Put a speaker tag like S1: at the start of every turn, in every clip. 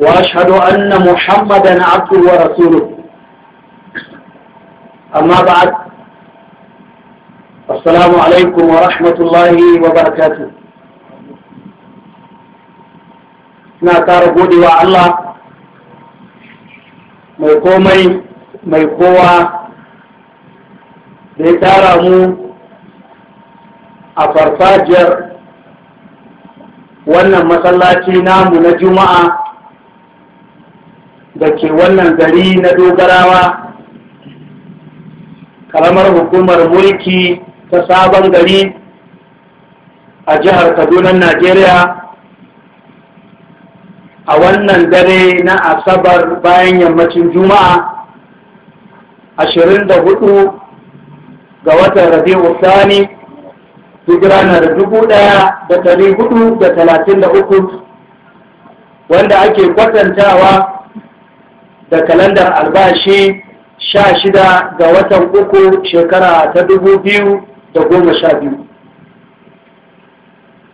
S1: وأشهد أن محمدا عبده ورسوله أما بعد السلام عليكم ورحمة الله وبركاته na ƙara godewa Allah mai komai mai kowa da ya tara mu a farfajiyar wannan masallaci namu na juma'a da ke wannan gari na dogarawa karamar hukumar mulki ta sabon gari a jihar kaduna najeriya a wannan dare na asabar bayan yammacin juma'a 24 ga watan rabi'u sani hijira na dubu daya da hudu da talatin da uku wanda ake kwatantawa da kalandar albashi sha shida ga watan uku shekara ta dubu biyu da goma sha biyu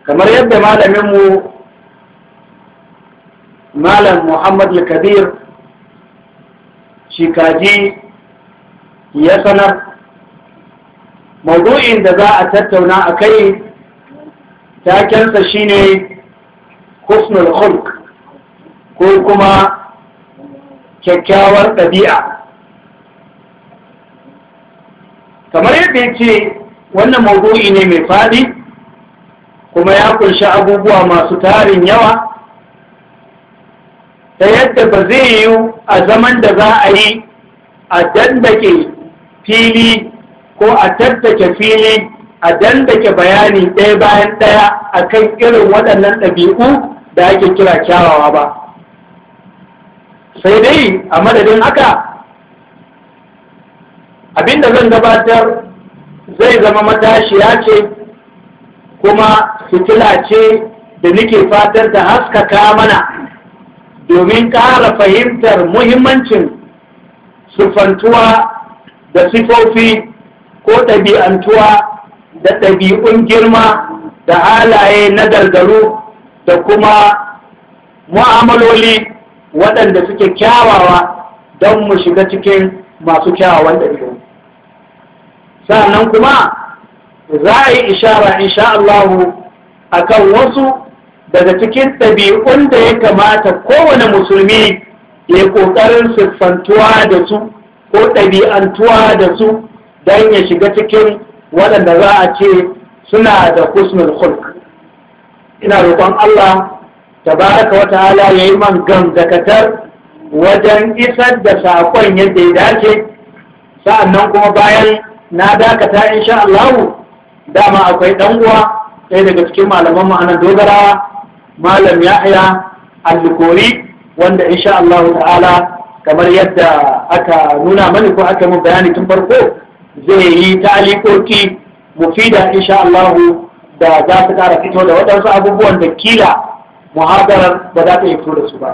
S1: kamar yadda malaminmu malam muhammad kabir shikaji ya sanar maudu'in da za a tattauna a kai takensa shine husnul hulk ko kuma kyakkyawar ɗabi'a kamar yadda ya ce wannan maudu'i ne mai faɗi kuma ya kunshi abubuwa masu tarin yawa ta yadda ba zai yiwu a zaman da za a yi a dandake fili ko a tattake fili a dandake bayani ɗaya bayan ɗaya a kan irin waɗannan ɗabi'u da ake kira kyawawa ba sai dai a madadin haka abinda zan gabatar zai zama matashiya ce kuma fitila ce da nake fatar da haskaka mana domin ƙara fahimtar muhimmancin sufantuwa da sifofi ko ɗabi'antuwa da ɗabi'un girma da halaye na gargaru da kuma mu'amaloli waɗanda suke kyawawa don mu shiga cikin masu kyawawan ɗabi'u sannan kuma za a yi ishara insha a kan wasu daga cikin ɗabi'un da ya kamata kowane musulmi ya ƙoƙarin siffantuwa da su ko ɗabi'antuwa da su don ya shiga cikin waɗanda za a ce suna da husnul hulk ina roƙon Allah tabaraka wata hala ya yi man gamzakatar wajen isar da sakon yadda ya dace Sa'an nan kuma bayan na dakata insha Allah dama akwai ɗanguwa uwa ɗaya daga cikin malaman mu dogara dogarawa malam ya haya bukhari wanda insha Allah ta'ala kamar yadda aka nuna mani ko aka mun bayani tun farko zai yi ta'alikoki mufida insha Allah da za su ƙara fito da waɗansu abubuwan da kila muhadarar ba za ta yi fito da su ba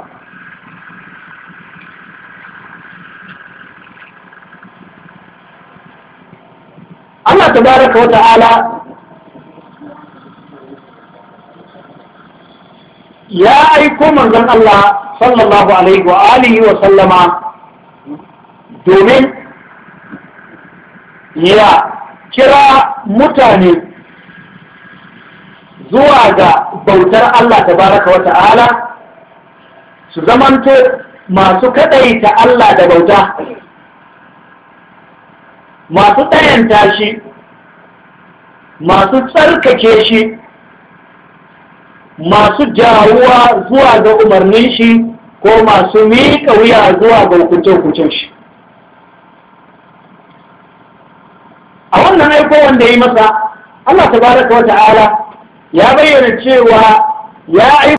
S1: Allah Ta baraka wa ta'ala ya aiko manzon Allah sallallahu alaihi wa alihi wa sallama domin ya kira mutane zuwa ga bautar Allah Ta Baraka wa ta'ala su zamanto masu ta Allah da bauta masu tsayanta shi masu tsarkake shi masu jawuwa zuwa ga umarnin shi ko masu miƙa wuya zuwa ga hukunce shi a wannan aiko wanda ya yi masa Allah Ta Baraka wa ta'ala ya bayyana cewa ya